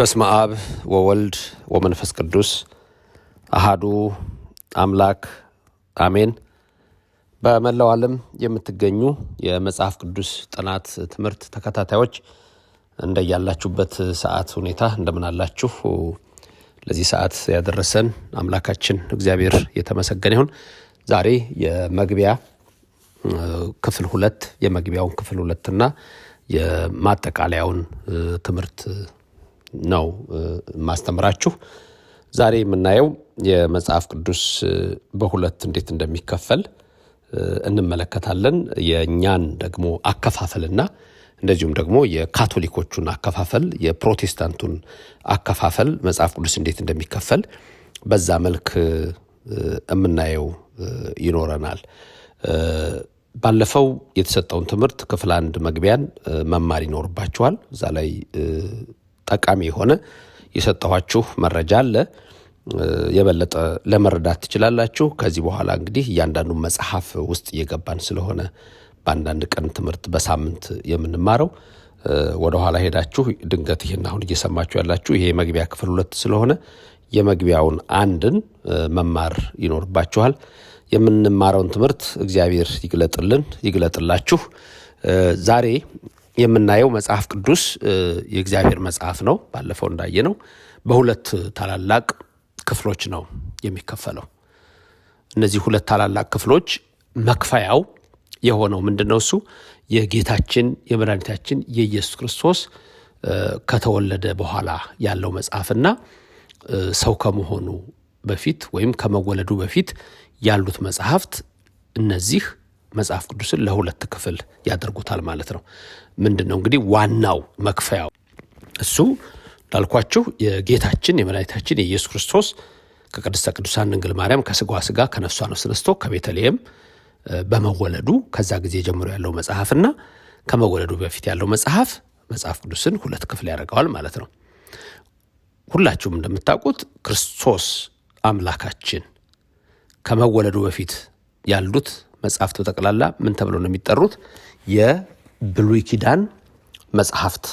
በስመ አብ ወወልድ ወመንፈስ ቅዱስ አሃዱ አምላክ አሜን። በመላው ዓለም የምትገኙ የመጽሐፍ ቅዱስ ጥናት ትምህርት ተከታታዮች እንደያላችሁበት ሰዓት ሁኔታ እንደምን አላችሁ? ለዚህ ሰዓት ያደረሰን አምላካችን እግዚአብሔር የተመሰገነ ይሁን። ዛሬ የመግቢያ ክፍል ሁለት የመግቢያውን ክፍል ሁለትና የማጠቃለያውን ትምህርት ነው ማስተምራችሁ። ዛሬ የምናየው የመጽሐፍ ቅዱስ በሁለት እንዴት እንደሚከፈል እንመለከታለን። የእኛን ደግሞ አከፋፈልና እንደዚሁም ደግሞ የካቶሊኮቹን አከፋፈል፣ የፕሮቴስታንቱን አከፋፈል መጽሐፍ ቅዱስ እንዴት እንደሚከፈል በዛ መልክ የምናየው ይኖረናል። ባለፈው የተሰጠውን ትምህርት ክፍል አንድ መግቢያን መማር ይኖርባችኋል። እዛ ላይ ጠቃሚ የሆነ የሰጠኋችሁ መረጃ አለ። የበለጠ ለመረዳት ትችላላችሁ። ከዚህ በኋላ እንግዲህ እያንዳንዱ መጽሐፍ ውስጥ እየገባን ስለሆነ በአንዳንድ ቀን ትምህርት በሳምንት የምንማረው ወደኋላ ሄዳችሁ ድንገት ይህን አሁን እየሰማችሁ ያላችሁ ይሄ የመግቢያ ክፍል ሁለት ስለሆነ የመግቢያውን አንድን መማር ይኖርባችኋል። የምንማረውን ትምህርት እግዚአብሔር ይግለጥልን፣ ይግለጥላችሁ። ዛሬ የምናየው መጽሐፍ ቅዱስ የእግዚአብሔር መጽሐፍ ነው። ባለፈው እንዳየነው በሁለት ታላላቅ ክፍሎች ነው የሚከፈለው። እነዚህ ሁለት ታላላቅ ክፍሎች መክፈያው የሆነው ምንድን ነው? እሱ የጌታችን የመድኃኒታችን የኢየሱስ ክርስቶስ ከተወለደ በኋላ ያለው መጽሐፍና ሰው ከመሆኑ በፊት ወይም ከመወለዱ በፊት ያሉት መጽሐፍት እነዚህ መጽሐፍ ቅዱስን ለሁለት ክፍል ያደርጉታል ማለት ነው። ምንድን ነው እንግዲህ ዋናው መክፈያው እሱ እንዳልኳችሁ የጌታችን የመድኃኒታችን የኢየሱስ ክርስቶስ ከቅድስተ ቅዱሳን ድንግል ማርያም ከስጋዋ ስጋ ከነፍሷ ነው ነስቶ ከቤተልሔም በመወለዱ ከዛ ጊዜ ጀምሮ ያለው መጽሐፍና ከመወለዱ በፊት ያለው መጽሐፍ መጽሐፍ ቅዱስን ሁለት ክፍል ያደርገዋል ማለት ነው። ሁላችሁም እንደምታውቁት ክርስቶስ አምላካችን ከመወለዱ በፊት ያሉት መጽሐፍት በጠቅላላ ምን ተብሎ ነው የሚጠሩት? የብሉይ ኪዳን መጽሐፍት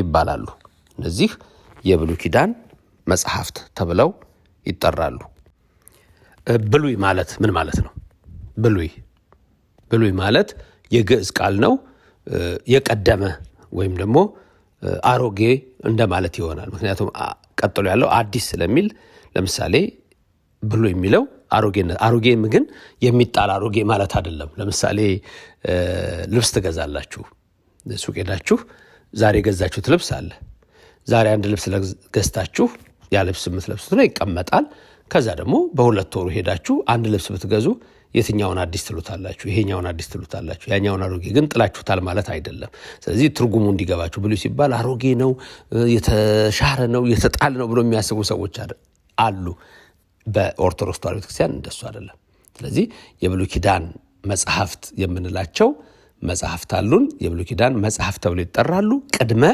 ይባላሉ። እነዚህ የብሉይ ኪዳን መጽሐፍት ተብለው ይጠራሉ። ብሉይ ማለት ምን ማለት ነው? ብሉይ ብሉይ ማለት የግዕዝ ቃል ነው። የቀደመ ወይም ደግሞ አሮጌ እንደማለት ይሆናል። ምክንያቱም ቀጥሎ ያለው አዲስ ስለሚል፣ ለምሳሌ ብሉይ የሚለው አሮጌነት። አሮጌም ግን የሚጣል አሮጌ ማለት አይደለም። ለምሳሌ ልብስ ትገዛላችሁ። ሱቅ ሄዳችሁ ዛሬ የገዛችሁት ልብስ አለ። ዛሬ አንድ ልብስ ገዝታችሁ ያ ልብስ የምትለብሱት ነው ይቀመጣል። ከዛ ደግሞ በሁለት ወሩ ሄዳችሁ አንድ ልብስ ብትገዙ የትኛውን አዲስ ትሉታላችሁ? ይሄኛውን አዲስ ትሉታላችሁ። ያኛውን አሮጌ ግን ጥላችሁታል ማለት አይደለም። ስለዚህ ትርጉሙ እንዲገባችሁ ብሉይ ሲባል አሮጌ ነው፣ የተሻረ ነው፣ የተጣል ነው ብሎ የሚያስቡ ሰዎች አሉ። በኦርቶዶክስ ተዋሕዶ ቤተክርስቲያን እንደሱ አይደለም። ስለዚህ የብሉይ ኪዳን መጽሐፍት የምንላቸው መጽሐፍት አሉን። የብሉይ ኪዳን መጽሐፍት ተብሎ ይጠራሉ። ቅድመ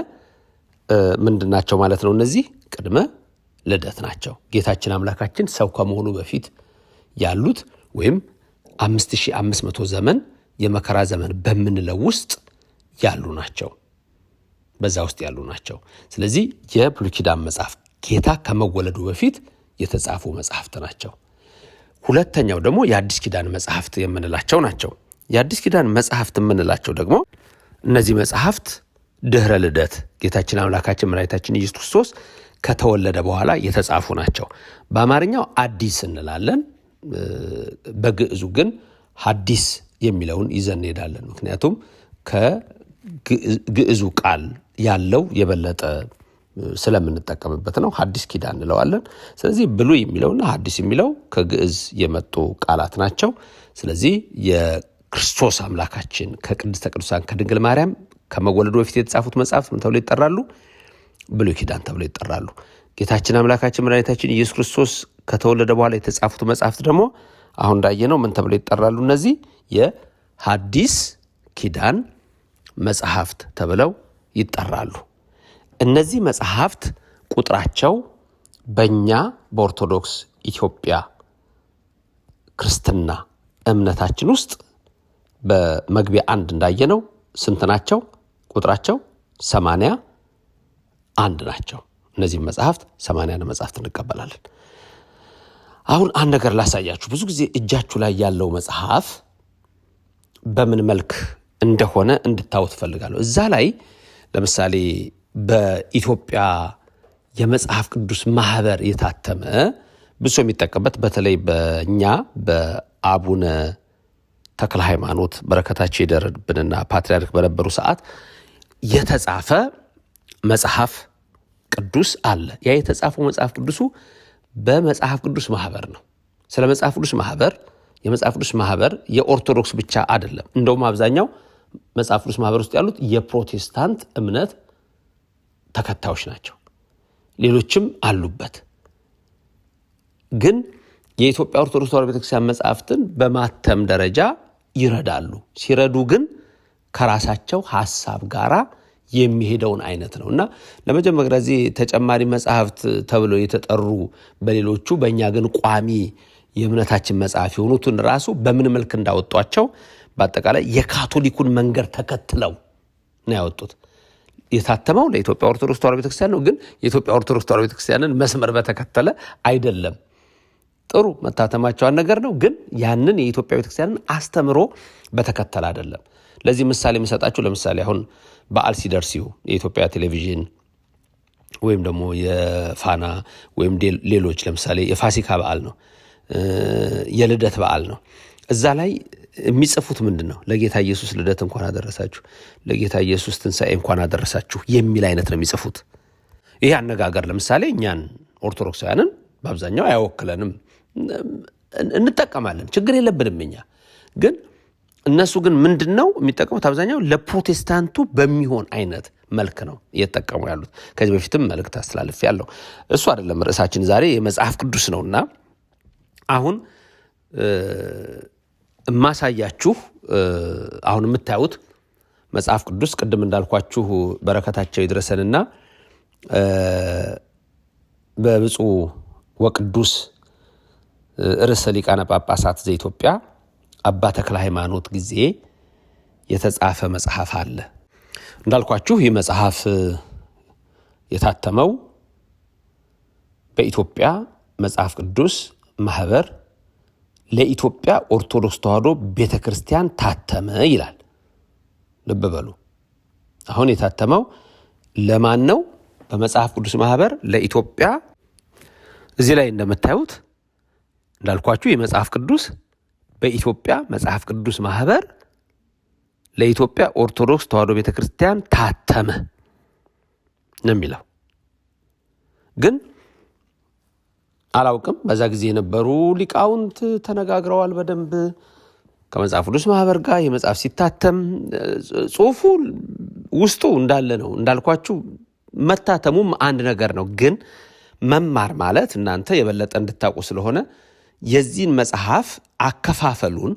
ምንድን ናቸው ማለት ነው? እነዚህ ቅድመ ልደት ናቸው። ጌታችን አምላካችን ሰው ከመሆኑ በፊት ያሉት ወይም 5500 ዘመን የመከራ ዘመን በምንለው ውስጥ ያሉ ናቸው። በዛ ውስጥ ያሉ ናቸው። ስለዚህ የብሉይ ኪዳን መጽሐፍ ጌታ ከመወለዱ በፊት የተጻፉ መጽሐፍት ናቸው። ሁለተኛው ደግሞ የአዲስ ኪዳን መጽሐፍት የምንላቸው ናቸው። የአዲስ ኪዳን መጽሐፍት የምንላቸው ደግሞ እነዚህ መጽሐፍት ድኅረ ልደት ጌታችን አምላካችን መድኃኒታችን ኢየሱስ ክርስቶስ ከተወለደ በኋላ የተጻፉ ናቸው። በአማርኛው አዲስ እንላለን። በግዕዙ ግን ሐዲስ የሚለውን ይዘን እንሄዳለን። ምክንያቱም ከግዕዙ ቃል ያለው የበለጠ ስለምንጠቀምበት ነው። ሐዲስ ኪዳን እንለዋለን። ስለዚህ ብሉይ የሚለውና ሐዲስ የሚለው ከግዕዝ የመጡ ቃላት ናቸው። ስለዚህ የክርስቶስ አምላካችን ከቅድስተ ቅዱሳን ከድንግል ማርያም ከመወለዱ በፊት የተጻፉት መጽሐፍት ምን ተብሎ ይጠራሉ? ብሉይ ኪዳን ተብሎ ይጠራሉ። ጌታችን አምላካችን መድኃኒታችን ኢየሱስ ክርስቶስ ከተወለደ በኋላ የተጻፉት መጽሐፍት ደግሞ አሁን እንዳየነው ምን ተብሎ ይጠራሉ? እነዚህ የሐዲስ ኪዳን መጽሐፍት ተብለው ይጠራሉ። እነዚህ መጽሐፍት ቁጥራቸው በእኛ በኦርቶዶክስ ኢትዮጵያ ክርስትና እምነታችን ውስጥ በመግቢያ አንድ እንዳየነው ስንት ናቸው? ቁጥራቸው ሰማንያ አንድ ናቸው። እነዚህም መጽሐፍት ሰማንያን መጽሐፍት እንቀበላለን። አሁን አንድ ነገር ላሳያችሁ። ብዙ ጊዜ እጃችሁ ላይ ያለው መጽሐፍ በምን መልክ እንደሆነ እንድታወት ትፈልጋለሁ እዛ ላይ ለምሳሌ በኢትዮጵያ የመጽሐፍ ቅዱስ ማህበር የታተመ ብሶ የሚጠቀምበት በተለይ በእኛ በአቡነ ተክለ ሃይማኖት በረከታቸው የደረብንና ፓትሪያርክ በነበሩ ሰዓት የተጻፈ መጽሐፍ ቅዱስ አለ። ያ የተጻፈው መጽሐፍ ቅዱሱ በመጽሐፍ ቅዱስ ማህበር ነው። ስለ መጽሐፍ ቅዱስ ማህበር የመጽሐፍ ቅዱስ ማህበር የኦርቶዶክስ ብቻ አይደለም። እንደውም አብዛኛው መጽሐፍ ቅዱስ ማህበር ውስጥ ያሉት የፕሮቴስታንት እምነት ተከታዮች ናቸው። ሌሎችም አሉበት። ግን የኢትዮጵያ ኦርቶዶክስ ተዋሕዶ ቤተክርስቲያን መጽሐፍትን በማተም ደረጃ ይረዳሉ። ሲረዱ ግን ከራሳቸው ሀሳብ ጋራ የሚሄደውን አይነት ነው እና ለመጀመሪያ ጊዜ ተጨማሪ መጽሐፍት ተብለው የተጠሩ በሌሎቹ በእኛ ግን ቋሚ የእምነታችን መጽሐፍ የሆኑትን ራሱ በምን መልክ እንዳወጧቸው በአጠቃላይ የካቶሊኩን መንገድ ተከትለው ነው ያወጡት። የታተመው ለኢትዮጵያ ኦርቶዶክስ ተዋሕዶ ቤተክርስቲያን ነው። ግን የኢትዮጵያ ኦርቶዶክስ ተዋሕዶ ቤተክርስቲያንን መስመር በተከተለ አይደለም። ጥሩ መታተማቸዋን ነገር ነው። ግን ያንን የኢትዮጵያ ቤተክርስቲያንን አስተምሮ በተከተለ አይደለም። ለዚህ ምሳሌ የምሰጣችሁ ለምሳሌ አሁን በዓል ሲደርስ የኢትዮጵያ ቴሌቪዥን ወይም ደግሞ የፋና ወይም ሌሎች ለምሳሌ የፋሲካ በዓል ነው፣ የልደት በዓል ነው። እዛ ላይ የሚጽፉት ምንድን ነው? ለጌታ ኢየሱስ ልደት እንኳን አደረሳችሁ፣ ለጌታ ኢየሱስ ትንሣኤ እንኳን አደረሳችሁ የሚል አይነት ነው የሚጽፉት። ይህ አነጋገር ለምሳሌ እኛን ኦርቶዶክሳውያንን በአብዛኛው አያወክለንም። እንጠቀማለን፣ ችግር የለብንም እኛ ግን እነሱ ግን ምንድን ነው የሚጠቀሙት? አብዛኛው ለፕሮቴስታንቱ በሚሆን አይነት መልክ ነው እየተጠቀሙ ያሉት። ከዚህ በፊትም መልእክት አስተላልፍ ያለው እሱ አይደለም ርዕሳችን ዛሬ የመጽሐፍ ቅዱስ ነውና አሁን እማሳያችሁ አሁን የምታዩት መጽሐፍ ቅዱስ ቅድም እንዳልኳችሁ በረከታቸው ይድረሰንና በብፁ ወቅዱስ ርዕሰ ሊቃነ ጳጳሳት ዘኢትዮጵያ አባ ተክለ ሃይማኖት ጊዜ የተጻፈ መጽሐፍ አለ። እንዳልኳችሁ ይህ መጽሐፍ የታተመው በኢትዮጵያ መጽሐፍ ቅዱስ ማህበር ለኢትዮጵያ ኦርቶዶክስ ተዋህዶ ቤተ ክርስቲያን ታተመ ይላል። ልብ በሉ። አሁን የታተመው ለማን ነው? በመጽሐፍ ቅዱስ ማህበር ለኢትዮጵያ። እዚህ ላይ እንደምታዩት እንዳልኳችሁ የመጽሐፍ ቅዱስ በኢትዮጵያ መጽሐፍ ቅዱስ ማህበር ለኢትዮጵያ ኦርቶዶክስ ተዋህዶ ቤተ ክርስቲያን ታተመ ነው የሚለው ግን አላውቅም። በዛ ጊዜ የነበሩ ሊቃውንት ተነጋግረዋል በደንብ ከመጽሐፍ ቅዱስ ማህበር ጋር የመጽሐፍ ሲታተም ጽሁፉ ውስጡ እንዳለ ነው። እንዳልኳችሁ መታተሙም አንድ ነገር ነው። ግን መማር ማለት እናንተ የበለጠ እንድታውቁ ስለሆነ የዚህን መጽሐፍ አከፋፈሉን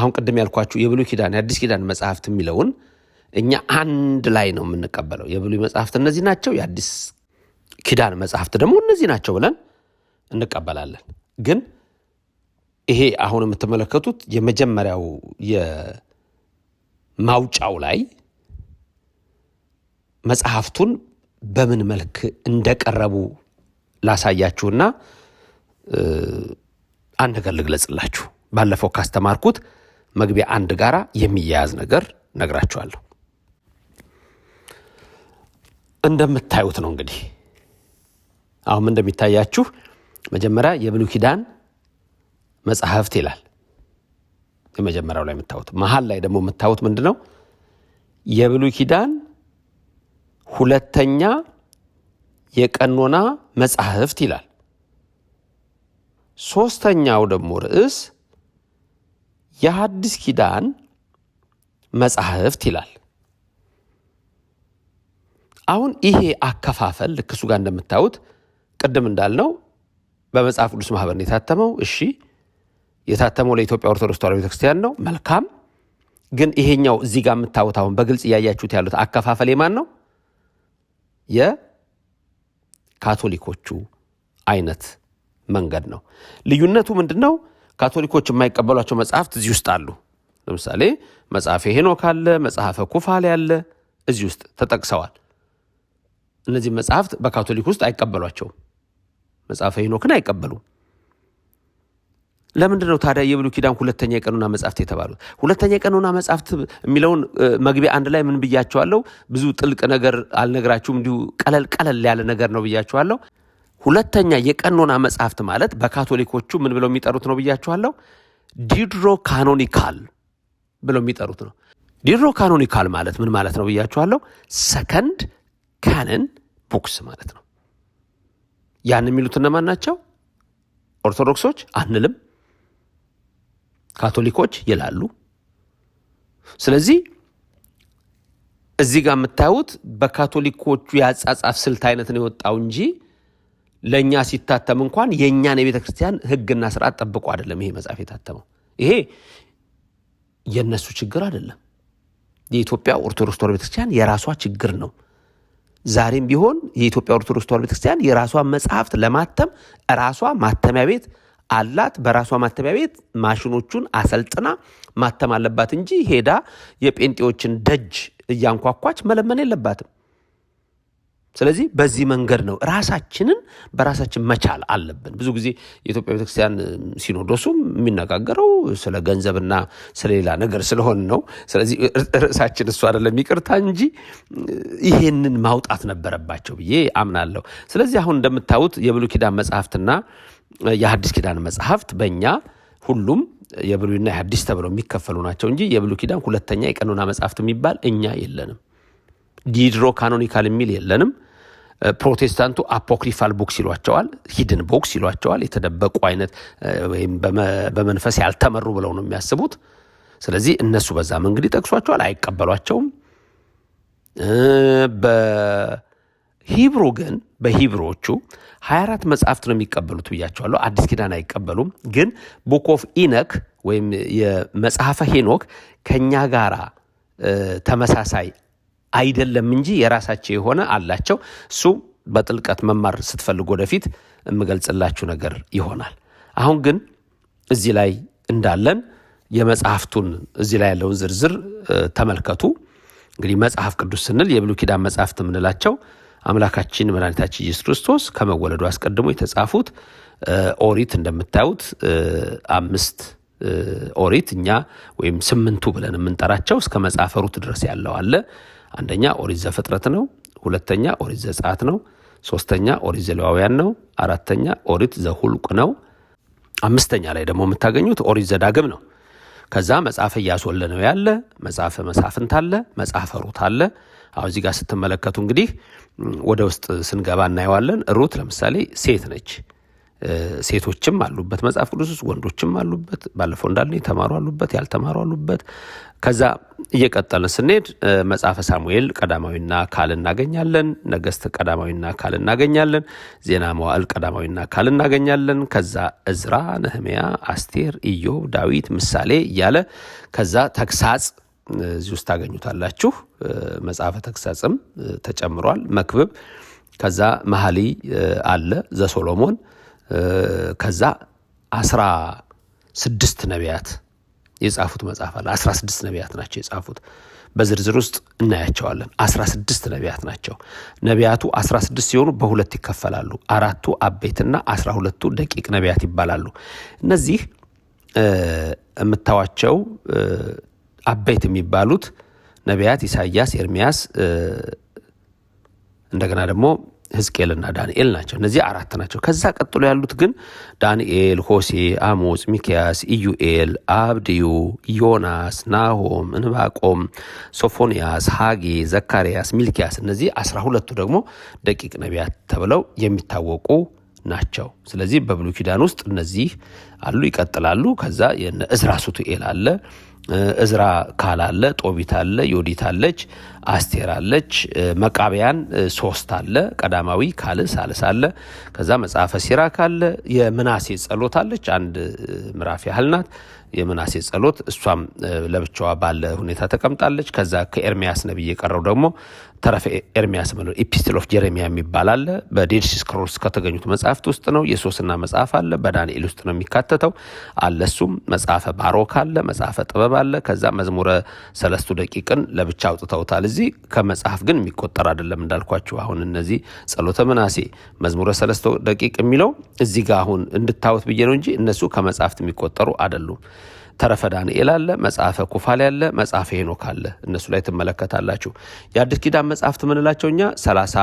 አሁን ቅድም ያልኳችሁ የብሉይ ኪዳን የአዲስ ኪዳን መጽሐፍት የሚለውን እኛ አንድ ላይ ነው የምንቀበለው። የብሉይ መጽሐፍት እነዚህ ናቸው፣ የአዲስ ኪዳን መጽሐፍት ደግሞ እነዚህ ናቸው ብለን እንቀበላለን። ግን ይሄ አሁን የምትመለከቱት የመጀመሪያው የማውጫው ላይ መጽሐፍቱን በምን መልክ እንደቀረቡ ላሳያችሁና አንድ ነገር ልግለጽላችሁ። ባለፈው ካስተማርኩት መግቢያ አንድ ጋራ የሚያያዝ ነገር ነግራችኋለሁ። እንደምታዩት ነው እንግዲህ አሁን እንደሚታያችሁ መጀመሪያ የብሉይ ኪዳን መጽሐፍት ይላል የመጀመሪያው ላይ የምታዩት። መሀል ላይ ደግሞ የምታዩት ምንድ ነው? የብሉይ ኪዳን ሁለተኛ የቀኖና መጽሐፍት ይላል። ሶስተኛው ደግሞ ርዕስ የሐዲስ ኪዳን መጽሐፍት ይላል። አሁን ይሄ አከፋፈል ልክ ጋር እንደምታዩት ቅድም እንዳልነው በመጽሐፍ ቅዱስ ማህበር ነው የታተመው። እሺ የታተመው ለኢትዮጵያ ኦርቶዶክስ ተዋሕዶ ቤተክርስቲያን ነው። መልካም ግን ይሄኛው እዚህ ጋር የምታዩት አሁን በግልጽ እያያችሁት ያሉት አከፋፈል የማን ነው? የካቶሊኮቹ አይነት መንገድ ነው። ልዩነቱ ምንድን ነው? ካቶሊኮች የማይቀበሏቸው መጽሐፍት እዚህ ውስጥ አሉ። ለምሳሌ መጽሐፈ ሄኖክ አለ፣ መጽሐፈ ኩፋል ያለ እዚህ ውስጥ ተጠቅሰዋል። እነዚህ መጽሐፍት በካቶሊክ ውስጥ አይቀበሏቸውም። መጽሐፈ ሄኖክን አይቀበሉም። ለምንድን ነው ታዲያ የብሉይ ኪዳን ሁለተኛ የቀኖና መጽሐፍት የተባሉት? ሁለተኛ የቀኖና መጽሐፍት የሚለውን መግቢያ አንድ ላይ ምን ብያቸዋለሁ? ብዙ ጥልቅ ነገር አልነግራችሁም። እንዲሁ ቀለል ቀለል ያለ ነገር ነው ብያቸዋለሁ። ሁለተኛ የቀኖና መጽሐፍት ማለት በካቶሊኮቹ ምን ብለው የሚጠሩት ነው ብያቸዋለሁ? ዲድሮ ካኖኒካል ብለው የሚጠሩት ነው። ዲድሮ ካኖኒካል ማለት ምን ማለት ነው ብያቸዋለሁ? ሰከንድ ካነን ቡክስ ማለት ነው። ያን የሚሉት እነማን ናቸው? ኦርቶዶክሶች አንልም፣ ካቶሊኮች ይላሉ። ስለዚህ እዚህ ጋር የምታዩት በካቶሊኮቹ የአጻጻፍ ስልት አይነት ነው የወጣው እንጂ ለእኛ ሲታተም እንኳን የእኛን የቤተ ክርስቲያን ሕግና ስርዓት ጠብቆ አይደለም ይሄ መጽሐፍ የታተመው። ይሄ የእነሱ ችግር አይደለም። የኢትዮጵያ ኦርቶዶክስ ተዋሕዶ ቤተክርስቲያን የራሷ ችግር ነው። ዛሬም ቢሆን የኢትዮጵያ ኦርቶዶክስ ተዋሕዶ ቤተክርስቲያን የራሷን መጽሐፍት ለማተም ራሷ ማተሚያ ቤት አላት። በራሷ ማተሚያ ቤት ማሽኖቹን አሰልጥና ማተም አለባት እንጂ ሄዳ የጴንጤዎችን ደጅ እያንኳኳች መለመን የለባትም። ስለዚህ በዚህ መንገድ ነው ራሳችንን በራሳችን መቻል አለብን። ብዙ ጊዜ የኢትዮጵያ ቤተክርስቲያን ሲኖዶሱ የሚነጋገረው ስለ ገንዘብና ስለሌላ ነገር ስለሆን ነው። ስለዚህ ርዕሳችን እሱ አይደለም ይቅርታ እንጂ ይሄንን ማውጣት ነበረባቸው ብዬ አምናለሁ። ስለዚህ አሁን እንደምታዩት የብሉይ ኪዳን መጽሐፍትና የሐዲስ ኪዳን መጽሐፍት በእኛ ሁሉም የብሉይና የሐዲስ ተብለው የሚከፈሉ ናቸው እንጂ የብሉይ ኪዳን ሁለተኛ የቀኖና መጽሐፍት የሚባል እኛ የለንም። ዲድሮ ካኖኒካል የሚል የለንም። ፕሮቴስታንቱ አፖክሪፋል ቡክስ ይሏቸዋል፣ ሂድን ቡክስ ይሏቸዋል። የተደበቁ አይነት ወይም በመንፈስ ያልተመሩ ብለው ነው የሚያስቡት። ስለዚህ እነሱ በዛ መንገድ ይጠቅሷቸዋል፣ አይቀበሏቸውም። በሂብሩ ግን በሂብሮቹ 24 መጽሐፍት ነው የሚቀበሉት ብያቸዋለሁ። አዲስ ኪዳን አይቀበሉም። ግን ቡክ ኦፍ ኢነክ ወይም የመጽሐፈ ሄኖክ ከእኛ ጋራ ተመሳሳይ አይደለም እንጂ የራሳቸው የሆነ አላቸው። እሱ በጥልቀት መማር ስትፈልጉ ወደፊት የምገልጽላችሁ ነገር ይሆናል። አሁን ግን እዚህ ላይ እንዳለን የመጽሐፍቱን እዚህ ላይ ያለውን ዝርዝር ተመልከቱ። እንግዲህ መጽሐፍ ቅዱስ ስንል የብሉይ ኪዳን መጽሐፍት የምንላቸው አምላካችን መድኃኒታችን ኢየሱስ ክርስቶስ ከመወለዱ አስቀድሞ የተጻፉት ኦሪት እንደምታዩት አምስት ኦሪት እኛ ወይም ስምንቱ ብለን የምንጠራቸው እስከ መጽሐፈ ሩት ድረስ ያለው አለ። አንደኛ ኦሪት ዘፍጥረት ነው። ሁለተኛ ኦሪት ዘጸአት ነው። ሶስተኛ ኦሪት ዘሌዋውያን ነው። አራተኛ ኦሪት ዘሁልቅ ነው። አምስተኛ ላይ ደግሞ የምታገኙት ኦሪት ዘዳግም ነው። ከዛ መጽሐፈ ኢያሱ ነው ያለ መጽሐፈ መሳፍንት አለ፣ መጽሐፈ ሩት አለ። አሁ እዚህ ጋር ስትመለከቱ እንግዲህ ወደ ውስጥ ስንገባ እናየዋለን። ሩት ለምሳሌ ሴት ነች። ሴቶችም አሉበት መጽሐፍ ቅዱስ ውስጥ ወንዶችም አሉበት። ባለፈው እንዳለ የተማሩ አሉበት፣ ያልተማሩ አሉበት። ከዛ እየቀጠልን ስንሄድ መጽሐፈ ሳሙኤል ቀዳማዊና ካል እናገኛለን። ነገስት ቀዳማዊና ካል እናገኛለን። ዜና መዋዕል ቀዳማዊና ካል እናገኛለን። ከዛ እዝራ፣ ነህሚያ፣ አስቴር፣ ኢዮብ፣ ዳዊት፣ ምሳሌ እያለ ከዛ ተግሳጽ እዚህ ውስጥ ታገኙታላችሁ። መጽሐፈ ተግሳጽም ተጨምሯል። መክብብ ከዛ መሀሊ አለ ዘሶሎሞን ከዛ አስራ ስድስት ነቢያት የጻፉት መጽሐፍ አለ። አስራ ስድስት ነቢያት ናቸው የጻፉት። በዝርዝር ውስጥ እናያቸዋለን። አስራ ስድስት ነቢያት ናቸው። ነቢያቱ አስራ ስድስት ሲሆኑ በሁለት ይከፈላሉ። አራቱ አበይትና አስራ ሁለቱ ደቂቅ ነቢያት ይባላሉ። እነዚህ የምታዋቸው አበይት የሚባሉት ነቢያት ኢሳያስ፣ ኤርሚያስ እንደገና ደግሞ ና ዳንኤል ናቸው። እነዚህ አራት ናቸው። ከዛ ቀጥሎ ያሉት ግን ዳንኤል፣ ሆሴ፣ አሞጽ፣ ሚኪያስ፣ ኢዩኤል፣ አብድዩ፣ ዮናስ፣ ናሆም፣ እንባቆም፣ ሶፎንያስ፣ ሃጌ፣ ዘካርያስ፣ ሚልኪያስ እነዚህ አስራ ሁለቱ ደግሞ ደቂቅ ነቢያት ተብለው የሚታወቁ ናቸው። ስለዚህ በብሉይ ኪዳን ውስጥ እነዚህ አሉ፣ ይቀጥላሉ። ከዛ የእነ ሱቱኤል አለ እዝራ ካል አለ፣ ጦቢት አለ፣ ዮዲት አለች፣ አስቴር አለች፣ መቃቢያን ሶስት አለ፣ ቀዳማዊ ካል ሳልስ አለ። ከዛ መጽሐፈ ሲራክ አለ፣ የምናሴ ጸሎት አለች፣ አንድ ምዕራፍ ያህል ናት። የምናሴ ጸሎት እሷም ለብቻዋ ባለ ሁኔታ ተቀምጣለች። ከዛ ከኤርሚያስ ነቢይ የቀረው ደግሞ ተረፈ ኤርሚያስ ምለ ኤፒስትል ኦፍ ጀሬሚያ የሚባል አለ። በዴድ ሲ ስክሮልስ ከተገኙት መጽሐፍት ውስጥ ነው። የሶስና መጽሐፍ አለ፣ በዳንኤል ውስጥ ነው የሚካተተው አለ። እሱም መጽሐፈ ባሮክ አለ፣ መጽሐፈ ጥበብ አለ። ከዛ መዝሙረ ሰለስቱ ደቂቅን ለብቻ አውጥተውታል። እዚህ ከመጽሐፍ ግን የሚቆጠር አይደለም እንዳልኳችሁ። አሁን እነዚህ ጸሎተ ምናሴ፣ መዝሙረ ሰለስቱ ደቂቅ የሚለው እዚህ ጋር አሁን እንድታወት ብዬ ነው እንጂ እነሱ ከመጽሐፍት የሚቆጠሩ አይደሉም። ተረፈ ዳንኤል አለ፣ መጽሐፈ ኩፋሌ አለ፣ መጽሐፈ ሄኖክ አለ። እነሱ ላይ ትመለከታላችሁ። የአዲስ ኪዳን መጽሐፍት የምንላቸው እኛ ሰላሳ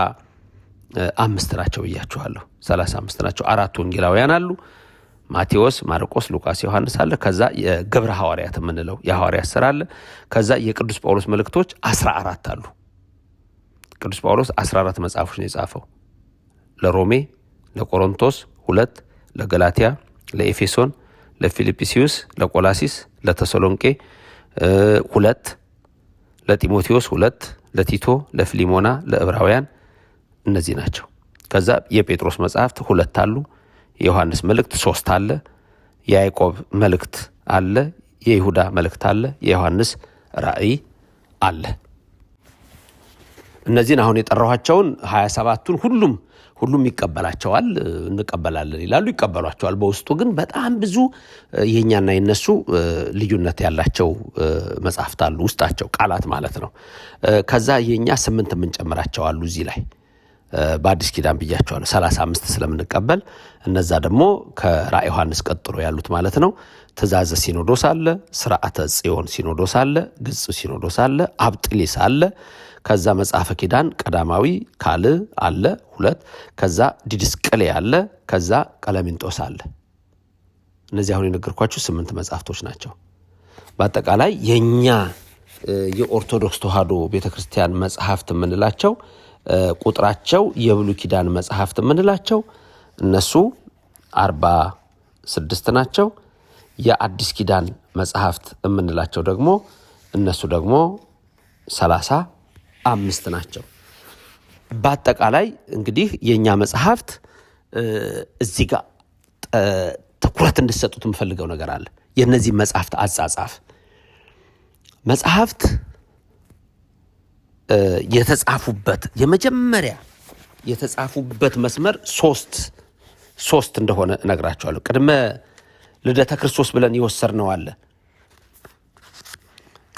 አምስት ናቸው ብያችኋለሁ። ሰላሳ አምስት ናቸው። አራት ወንጌላውያን አሉ ማቴዎስ፣ ማርቆስ፣ ሉቃስ፣ ዮሐንስ አለ። ከዛ የግብረ ሐዋርያት የምንለው የሐዋርያት ስራ አለ። ከዛ የቅዱስ ጳውሎስ መልእክቶች አስራ አራት አሉ። ቅዱስ ጳውሎስ አስራ አራት መጽሐፎች ነው የጻፈው። ለሮሜ፣ ለቆሮንቶስ ሁለት፣ ለገላትያ፣ ለኤፌሶን ለፊልጵስዩስ፣ ለቆላሲስ፣ ለተሰሎንቄ ሁለት፣ ለጢሞቴዎስ ሁለት፣ ለቲቶ፣ ለፊሊሞና፣ ለዕብራውያን እነዚህ ናቸው። ከዛ የጴጥሮስ መጽሐፍት ሁለት አሉ። የዮሐንስ መልእክት ሶስት አለ። የያዕቆብ መልእክት አለ። የይሁዳ መልእክት አለ። የዮሐንስ ራእይ አለ። እነዚህን አሁን የጠራኋቸውን ሀያ ሰባቱን ሁሉም ሁሉም ይቀበላቸዋል፣ እንቀበላለን ይላሉ፣ ይቀበሏቸዋል። በውስጡ ግን በጣም ብዙ የእኛና የነሱ ልዩነት ያላቸው መጽሐፍት አሉ ውስጣቸው፣ ቃላት ማለት ነው። ከዛ የእኛ ስምንት የምንጨምራቸው አሉ እዚህ ላይ በአዲስ ኪዳን ብያቸዋለሁ፣ ሰላሳ ስለምንቀበል እነዛ ደግሞ ከራዕየ ዮሐንስ ቀጥሎ ያሉት ማለት ነው። ትእዛዘ ሲኖዶስ አለ፣ ስርዓተ ጽዮን ሲኖዶስ አለ፣ ግጽ ሲኖዶስ አለ፣ አብጥሊስ አለ ከዛ መጽሐፈ ኪዳን ቀዳማዊ ካል አለ ሁለት፣ ከዛ ዲድስቅሌ አለ፣ ከዛ ቀለሚንጦስ አለ። እነዚህ አሁን የነገርኳችሁ ስምንት መጽሐፍቶች ናቸው። በአጠቃላይ የእኛ የኦርቶዶክስ ተዋህዶ ቤተ ክርስቲያን መጽሐፍት የምንላቸው ቁጥራቸው የብሉይ ኪዳን መጽሐፍት የምንላቸው እነሱ አርባ ስድስት ናቸው። የአዲስ ኪዳን መጽሐፍት የምንላቸው ደግሞ እነሱ ደግሞ ሰላሳ አምስት ናቸው። በአጠቃላይ እንግዲህ የእኛ መጽሐፍት እዚህ ጋር ትኩረት እንድሰጡት የምፈልገው ነገር አለ። የእነዚህ መጽሐፍት አጻጻፍ መጽሐፍት የተጻፉበት የመጀመሪያ የተጻፉበት መስመር ሶስት ሶስት እንደሆነ እነግራቸዋለሁ። ቅድመ ልደተ ክርስቶስ ብለን የወሰድነው አለ።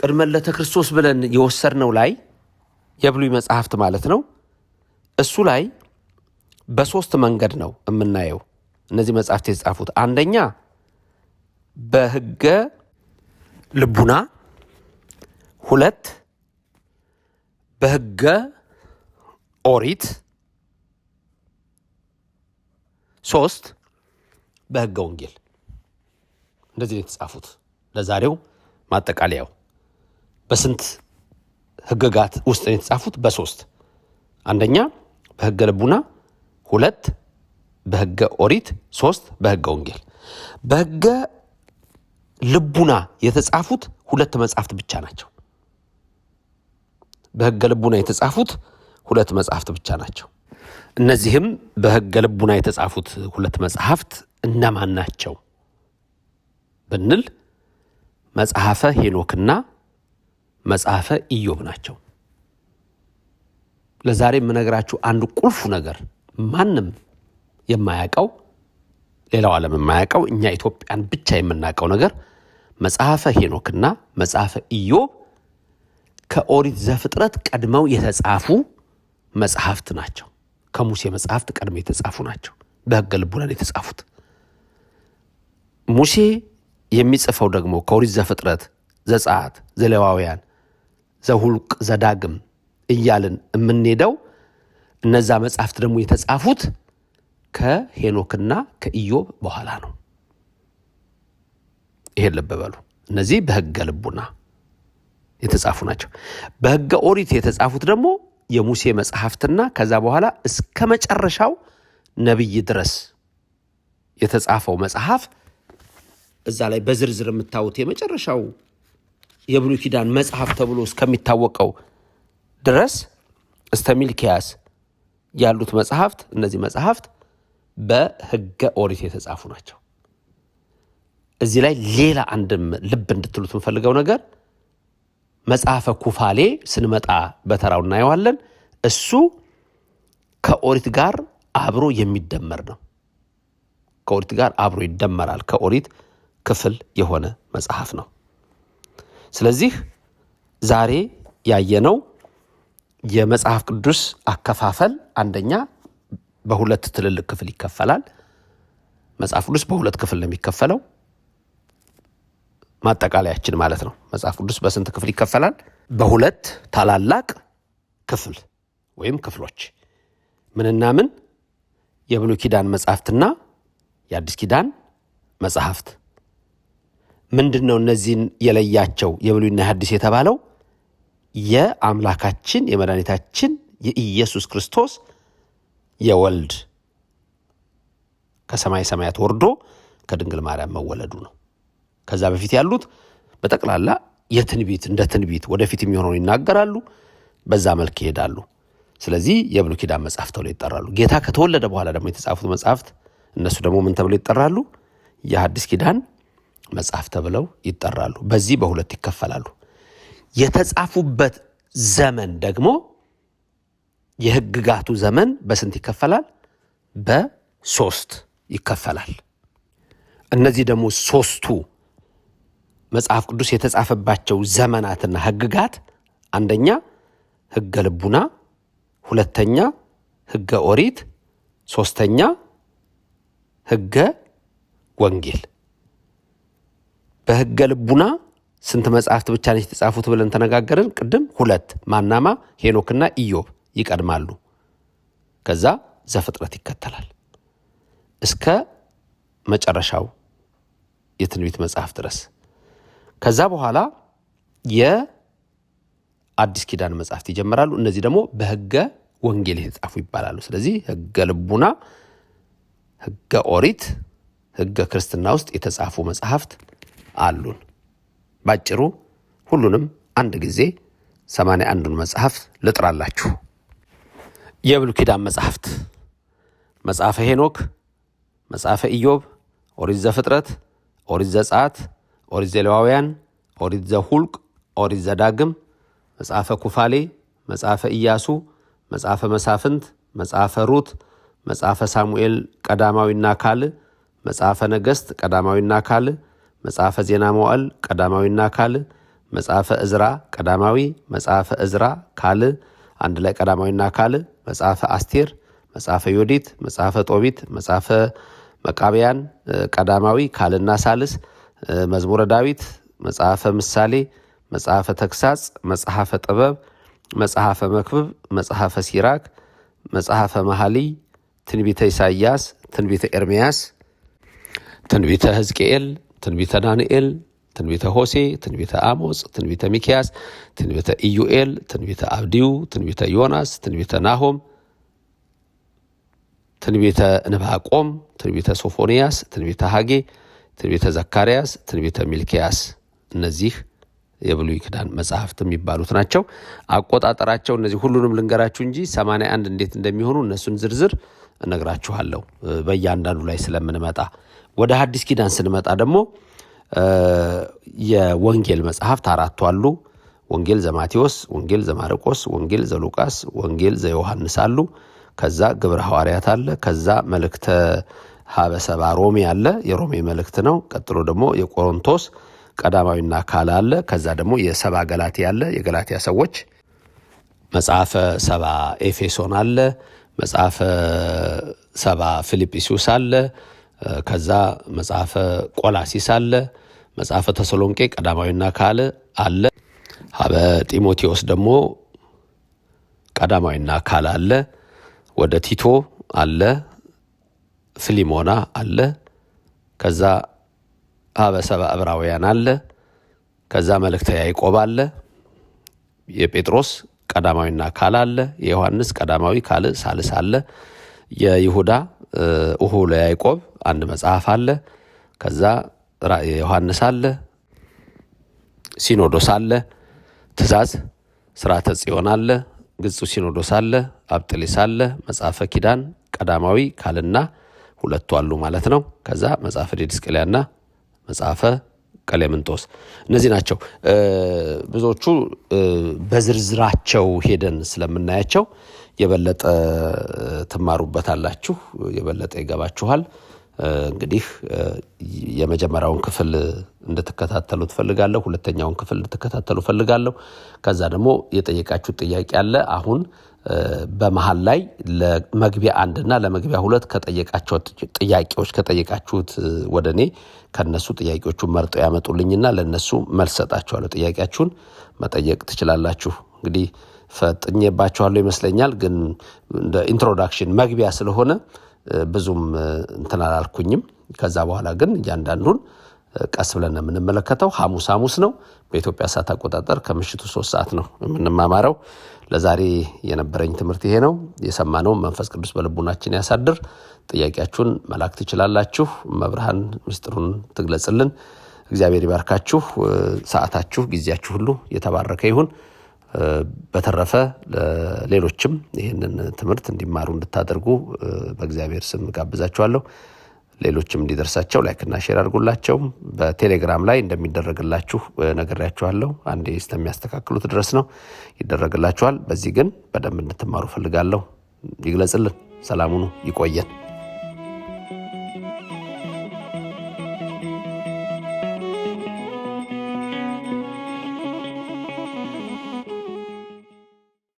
ቅድመ ልደተ ክርስቶስ ብለን የወሰድነው ላይ የብሉይ መጽሐፍት ማለት ነው። እሱ ላይ በሶስት መንገድ ነው የምናየው እነዚህ መጽሐፍት የተጻፉት። አንደኛ በህገ ልቡና፣ ሁለት በህገ ኦሪት፣ ሶስት በህገ ወንጌል። እንደዚህ ነው የተጻፉት። ለዛሬው ማጠቃለያው በስንት ህግጋት ውስጥ የተጻፉት በሶስት አንደኛ በህገ ልቡና፣ ሁለት በህገ ኦሪት፣ ሶስት በህገ ወንጌል። በህገ ልቡና የተጻፉት ሁለት መጽሐፍት ብቻ ናቸው። በህገ ልቡና የተጻፉት ሁለት መጽሐፍት ብቻ ናቸው። እነዚህም በህገ ልቡና የተጻፉት ሁለት መጽሐፍት እነማን ናቸው ብንል መጽሐፈ ሄኖክና መጽሐፈ ኢዮብ ናቸው። ለዛሬ የምነግራችሁ አንዱ ቁልፉ ነገር ማንም የማያውቀው ሌላው ዓለም የማያውቀው እኛ ኢትዮጵያን ብቻ የምናውቀው ነገር መጽሐፈ ሄኖክና መጽሐፈ ኢዮብ ከኦሪት ዘፍጥረት ቀድመው የተጻፉ መጽሐፍት ናቸው። ከሙሴ መጽሐፍት ቀድመው የተጻፉ ናቸው። በሕገ ልቡናን የተጻፉት ሙሴ የሚጽፈው ደግሞ ከኦሪት ዘፍጥረት፣ ዘጸአት፣ ዘሌዋውያን ዘሁልቅ ዘዳግም እያልን የምንሄደው እነዛ መጽሐፍት ደግሞ የተጻፉት ከሄኖክና ከኢዮብ በኋላ ነው። ይሄን ልብ በሉ። እነዚህ በህገ ልቡና የተጻፉ ናቸው። በህገ ኦሪት የተጻፉት ደግሞ የሙሴ መጽሐፍትና ከዛ በኋላ እስከ መጨረሻው ነቢይ ድረስ የተጻፈው መጽሐፍ እዛ ላይ በዝርዝር የምታዩት የመጨረሻው የብሉይ ኪዳን መጽሐፍ ተብሎ እስከሚታወቀው ድረስ እስተ ሚልኪያስ ያሉት መጽሐፍት እነዚህ መጽሐፍት በህገ ኦሪት የተጻፉ ናቸው። እዚህ ላይ ሌላ አንድም ልብ እንድትሉት የምፈልገው ነገር መጽሐፈ ኩፋሌ ስንመጣ በተራው እናየዋለን። እሱ ከኦሪት ጋር አብሮ የሚደመር ነው። ከኦሪት ጋር አብሮ ይደመራል። ከኦሪት ክፍል የሆነ መጽሐፍ ነው። ስለዚህ ዛሬ ያየነው የመጽሐፍ ቅዱስ አከፋፈል አንደኛ በሁለት ትልልቅ ክፍል ይከፈላል። መጽሐፍ ቅዱስ በሁለት ክፍል ነው የሚከፈለው። ማጠቃለያችን ማለት ነው። መጽሐፍ ቅዱስ በስንት ክፍል ይከፈላል? በሁለት ታላላቅ ክፍል ወይም ክፍሎች ምንና ምን? የብሉይ ኪዳን መጽሐፍትና የአዲስ ኪዳን መጽሐፍት ምንድን ነው እነዚህን የለያቸው የብሉይና ሀዲስ የተባለው የአምላካችን የመድኃኒታችን የኢየሱስ ክርስቶስ የወልድ ከሰማይ ሰማያት ወርዶ ከድንግል ማርያም መወለዱ ነው። ከዛ በፊት ያሉት በጠቅላላ የትንቢት እንደ ትንቢት ወደፊት የሚሆነውን ይናገራሉ፣ በዛ መልክ ይሄዳሉ። ስለዚህ የብሉ ኪዳን መጽሐፍ ተብሎ ይጠራሉ። ጌታ ከተወለደ በኋላ ደግሞ የተጻፉት መጽሐፍት እነሱ ደግሞ ምን ተብለው ይጠራሉ? የሐዲስ ኪዳን መጽሐፍ ተብለው ይጠራሉ። በዚህ በሁለት ይከፈላሉ። የተጻፉበት ዘመን ደግሞ የህግጋቱ ዘመን በስንት ይከፈላል? በሶስት ይከፈላል። እነዚህ ደግሞ ሶስቱ መጽሐፍ ቅዱስ የተጻፈባቸው ዘመናትና ህግጋት አንደኛ ህገ ልቡና፣ ሁለተኛ ህገ ኦሪት፣ ሶስተኛ ህገ ወንጌል በህገ ልቡና ስንት መጽሐፍት ብቻ ነች የተጻፉት ብለን ተነጋገርን። ቅድም ሁለት ማናማ ሄኖክና ኢዮብ ይቀድማሉ። ከዛ ዘፍጥረት ይከተላል እስከ መጨረሻው የትንቢት መጽሐፍ ድረስ። ከዛ በኋላ የአዲስ ኪዳን መጽሐፍት ይጀምራሉ። እነዚህ ደግሞ በህገ ወንጌል የተጻፉ ይባላሉ። ስለዚህ ህገ ልቡና፣ ህገ ኦሪት፣ ህገ ክርስትና ውስጥ የተጻፉ መጽሐፍት አሉን። ባጭሩ ሁሉንም አንድ ጊዜ ሰማንያ አንዱን መጽሐፍ ልጥራላችሁ። የብሉይ ኪዳን መጽሐፍት መጽሐፈ ሄኖክ፣ መጽሐፈ ኢዮብ፣ ኦሪት ዘፍጥረት፣ ኦሪት ዘጸአት፣ ኦሪት ዘሌዋውያን፣ ኦሪት ዘሁልቅ፣ ኦሪት ዘዳግም፣ መጽሐፈ ኩፋሌ፣ መጽሐፈ ኢያሱ፣ መጽሐፈ መሳፍንት፣ መጽሐፈ ሩት፣ መጽሐፈ ሳሙኤል ቀዳማዊና ካል መጽሐፈ ነገሥት ቀዳማዊና ካልዕ መጽሐፈ ዜና መዋዕል ቀዳማዊና ካል፣ መጽሐፈ እዝራ ቀዳማዊ፣ መጽሐፈ እዝራ ካል አንድ ላይ ቀዳማዊና ካል፣ መጽሐፈ አስቴር፣ መጽሐፈ ዮዲት፣ መጽሐፈ ጦቢት፣ መጽሐፈ መቃቢያን ቀዳማዊ ካልና ሳልስ፣ መዝሙረ ዳዊት፣ መጽሐፈ ምሳሌ፣ መጽሐፈ ተግሳጽ፣ መጽሐፈ ጥበብ፣ መጽሐፈ መክብብ፣ መጽሐፈ ሲራክ፣ መጽሐፈ መኃልይ፣ ትንቢተ ኢሳይያስ፣ ትንቢተ ኤርምያስ፣ ትንቢተ ሕዝቅኤል ትንቢተ ዳንኤል፣ ትንቢተ ሆሴ፣ ትንቢተ አሞጽ፣ ትንቢተ ሚክያስ፣ ትንቢተ ኢዩኤል፣ ትንቢተ አብድዩ፣ ትንቢተ ዮናስ፣ ትንቢተ ናሆም፣ ትንቢተ ንባቆም፣ ትንቢተ ሶፎንያስ፣ ትንቢተ ሐጌ፣ ትንቢተ ዘካርያስ፣ ትንቢተ ሚልኪያስ እነዚህ የብሉይ ኪዳን መጽሐፍት የሚባሉት ናቸው። አቆጣጠራቸው እነዚህ ሁሉንም ልንገራችሁ እንጂ 81 እንዴት እንደሚሆኑ እነሱን ዝርዝር እነግራችኋለሁ በእያንዳንዱ ላይ ስለምንመጣ ወደ ሐዲስ ኪዳን ስንመጣ ደግሞ የወንጌል መጽሐፍት አራቱ አሉ። ወንጌል ዘማቴዎስ፣ ወንጌል ዘማርቆስ፣ ወንጌል ዘሉቃስ፣ ወንጌል ዘዮሐንስ አሉ። ከዛ ግብረ ሐዋርያት አለ። ከዛ መልእክተ ሀበሰባ ሮሜ አለ። የሮሜ መልእክት ነው። ቀጥሎ ደግሞ የቆሮንቶስ ቀዳማዊና ካል አለ። ከዛ ደግሞ የሰባ ገላትያ አለ። የገላትያ ሰዎች መጽሐፈ ሰባ ኤፌሶን አለ። መጽሐፈ ሰባ ፊልጵስዩስ አለ። ከዛ መጽሐፈ ቆላሲስ አለ፣ መጽሐፈ ተሰሎንቄ ቀዳማዊና ካል አለ። ሀበ ጢሞቴዎስ ደግሞ ቀዳማዊና ካል አለ። ወደ ቲቶ አለ፣ ፊሊሞና አለ። ከዛ ሀበ ሰብአ ዕብራውያን አለ። ከዛ መልእክተ ያዕቆብ አለ። የጴጥሮስ ቀዳማዊና ካል አለ። የዮሐንስ ቀዳማዊ ካል ሳልስ አለ። የይሁዳ እሁ ለያዕቆብ አንድ መጽሐፍ አለ። ከዛ ራእየ ዮሐንስ አለ፣ ሲኖዶስ አለ፣ ትእዛዝ ስርዓተ ጽዮን አለ፣ ግጹ ሲኖዶስ አለ፣ አብጥሊስ አለ፣ መጽሐፈ ኪዳን ቀዳማዊ ካልና ሁለቱ አሉ ማለት ነው። ከዛ መጽሐፈ ዲድስቅልያና መጽሐፈ ቀሌምንጦስ እነዚህ ናቸው። ብዙዎቹ በዝርዝራቸው ሄደን ስለምናያቸው የበለጠ ትማሩበታላችሁ፣ የበለጠ ይገባችኋል። እንግዲህ የመጀመሪያውን ክፍል እንድትከታተሉ ትፈልጋለሁ። ሁለተኛውን ክፍል እንድትከታተሉ ፈልጋለሁ። ከዛ ደግሞ የጠየቃችሁ ጥያቄ አለ። አሁን በመሀል ላይ ለመግቢያ አንድ ና ለመግቢያ ሁለት ከጠየቃቸው ጥያቄዎች ከጠየቃችሁት ወደ እኔ ከነሱ ጥያቄዎቹ መርጠው ያመጡልኝና ለነሱ መልስ ሰጣችኋለሁ። ጥያቄያችሁን መጠየቅ ትችላላችሁ። እንግዲህ ፈጥኜባችኋለሁ ይመስለኛል፣ ግን እንደ ኢንትሮዳክሽን መግቢያ ስለሆነ ብዙም እንትን አላልኩኝም። ከዛ በኋላ ግን እያንዳንዱን ቀስ ብለን የምንመለከተው ሐሙስ ሐሙስ ነው በኢትዮጵያ ሰዓት አቆጣጠር ከምሽቱ ሶስት ሰዓት ነው የምንማማረው። ለዛሬ የነበረኝ ትምህርት ይሄ ነው። የሰማነውን መንፈስ ቅዱስ በልቡናችን ያሳድር። ጥያቄያችሁን መላክ ትችላላችሁ። መብርሃን ምስጢሩን ትግለጽልን። እግዚአብሔር ይባርካችሁ። ሰዓታችሁ፣ ጊዜያችሁ ሁሉ የተባረከ ይሁን። በተረፈ ሌሎችም ይህንን ትምህርት እንዲማሩ እንድታደርጉ በእግዚአብሔር ስም ጋብዛችኋለሁ። ሌሎችም እንዲደርሳቸው ላይክና ሼር አድርጉላቸው። በቴሌግራም ላይ እንደሚደረግላችሁ ነግሬያችኋለሁ። አንዴ እስከሚያስተካክሉት ድረስ ነው ይደረግላችኋል። በዚህ ግን በደንብ እንድትማሩ ፈልጋለሁ። ይግለጽልን። ሰላሙኑ ይቆየን።